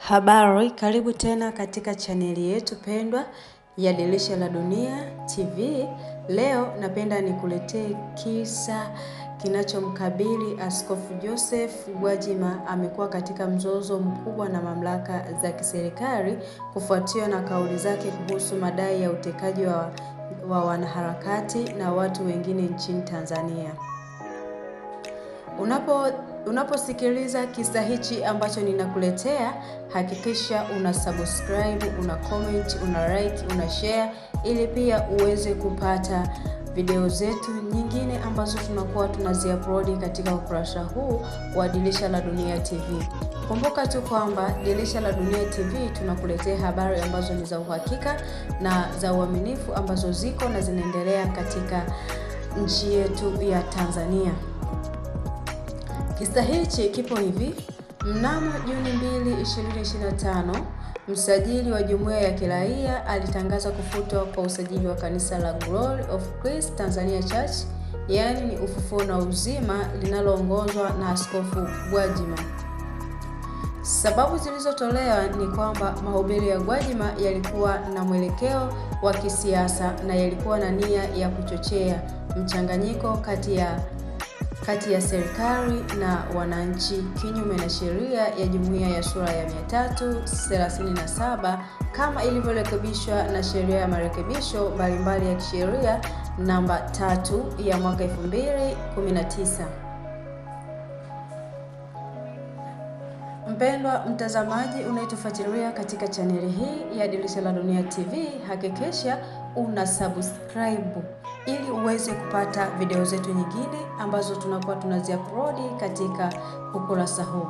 Habari, karibu tena katika chaneli yetu pendwa ya Dirisha la Dunia TV. Leo napenda nikuletee kisa kinachomkabili Askofu Joseph Gwajima. Amekuwa katika mzozo mkubwa na mamlaka za kiserikali kufuatia na kauli zake kuhusu madai ya utekaji wa, wa wanaharakati na watu wengine nchini Tanzania. Unapo unaposikiliza kisa hichi ambacho ninakuletea, hakikisha una subscribe, una comment, una like, una share ili pia uweze kupata video zetu nyingine ambazo tunakuwa tunaziaplodi katika ukurasa huu wa Dirisha la Dunia TV. Kumbuka tu kwamba Dirisha la Dunia TV tunakuletea habari ambazo ni za uhakika na za uaminifu ambazo ziko na zinaendelea katika nchi yetu ya Tanzania. Kisa hichi kipo hivi: mnamo Juni 2, 2025 msajili wa jumuiya ya kiraia alitangaza kufutwa kwa usajili wa kanisa la Glory of Christ Tanzania Church, yaani ni ufufuo na uzima, linaloongozwa na Askofu Gwajima. Sababu zilizotolewa ni kwamba mahubiri ya Gwajima yalikuwa na mwelekeo wa kisiasa na yalikuwa na nia ya kuchochea mchanganyiko kati ya kati ya serikali na wananchi kinyume na sheria ya jumuiya ya sura ya 337 kama ilivyorekebishwa na sheria ya marekebisho mbalimbali ya kisheria namba 3 ya mwaka 2019. Mpendwa mtazamaji unayetufuatilia katika chaneli hii ya Dirisha la Dunia TV, hakikisha una subscribe ili uweze kupata video zetu nyingine ambazo tunakuwa tunaziaplodi katika ukurasa huu.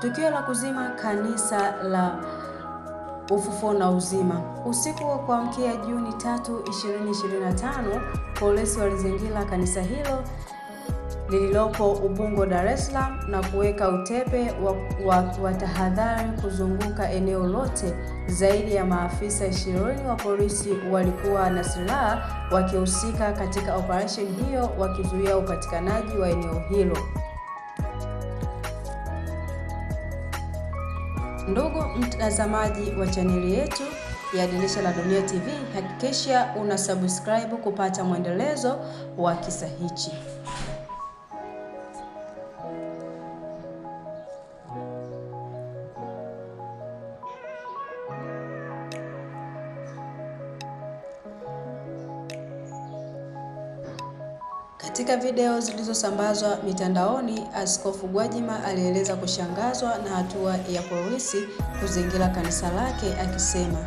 Tukio la kuzima kanisa la Ufufuo na Uzima. Usiku wa kuamkia Juni 3, 2025, polisi walizingira kanisa hilo lililopo Ubungo, Dar es Salaam na kuweka utepe wa, wa, wa tahadhari kuzunguka eneo lote. Zaidi ya maafisa ishirini wa polisi walikuwa na silaha wakihusika katika operesheni hiyo wakizuia upatikanaji wa eneo hilo. Ndugu mtazamaji wa chaneli yetu ya Dirisha la Dunia TV, hakikisha una subscribe kupata mwendelezo wa kisa hichi. Katika video zilizosambazwa mitandaoni, Askofu Gwajima alieleza kushangazwa na hatua ya polisi kuzingira kanisa lake akisema,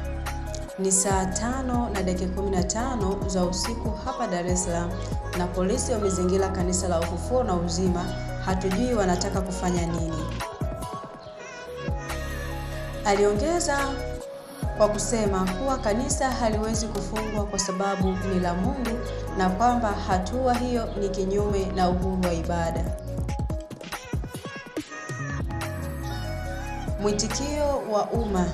ni saa tano na dakika 15 za usiku hapa Dar es Salaam na polisi wamezingira kanisa la Ufufuo na Uzima, hatujui wanataka kufanya nini. Aliongeza kwa kusema kuwa kanisa haliwezi kufungwa kwa sababu ni la Mungu na kwamba hatua hiyo ni kinyume na uhuru wa ibada. Mwitikio wa umma.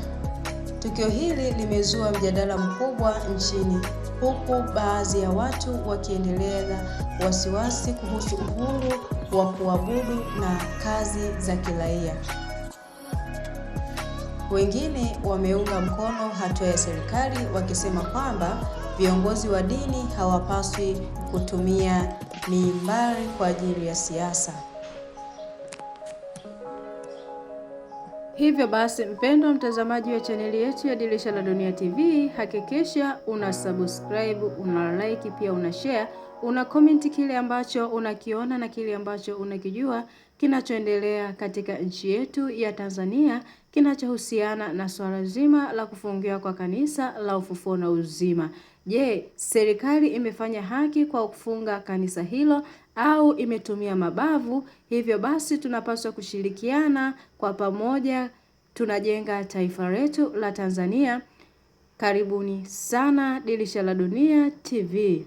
Tukio hili limezua mjadala mkubwa nchini huku baadhi ya watu wakiendeleza wasiwasi kuhusu uhuru wa kuabudu na kazi za kiraia. Wengine wameunga mkono hatua ya serikali wakisema kwamba viongozi wa dini hawapaswi kutumia mimbari kwa ajili ya siasa. Hivyo basi, mpendwa mtazamaji wa chaneli yetu ya Dirisha la Dunia TV, hakikisha una subscribe, una like, pia una share, una comment kile ambacho unakiona na kile ambacho unakijua kinachoendelea katika nchi yetu ya Tanzania kinachohusiana na swala zima la kufungiwa kwa kanisa la Ufufuo na Uzima. Je, serikali imefanya haki kwa kufunga kanisa hilo au imetumia mabavu? Hivyo basi tunapaswa kushirikiana kwa pamoja, tunajenga taifa letu la Tanzania. Karibuni sana Dirisha la Dunia TV.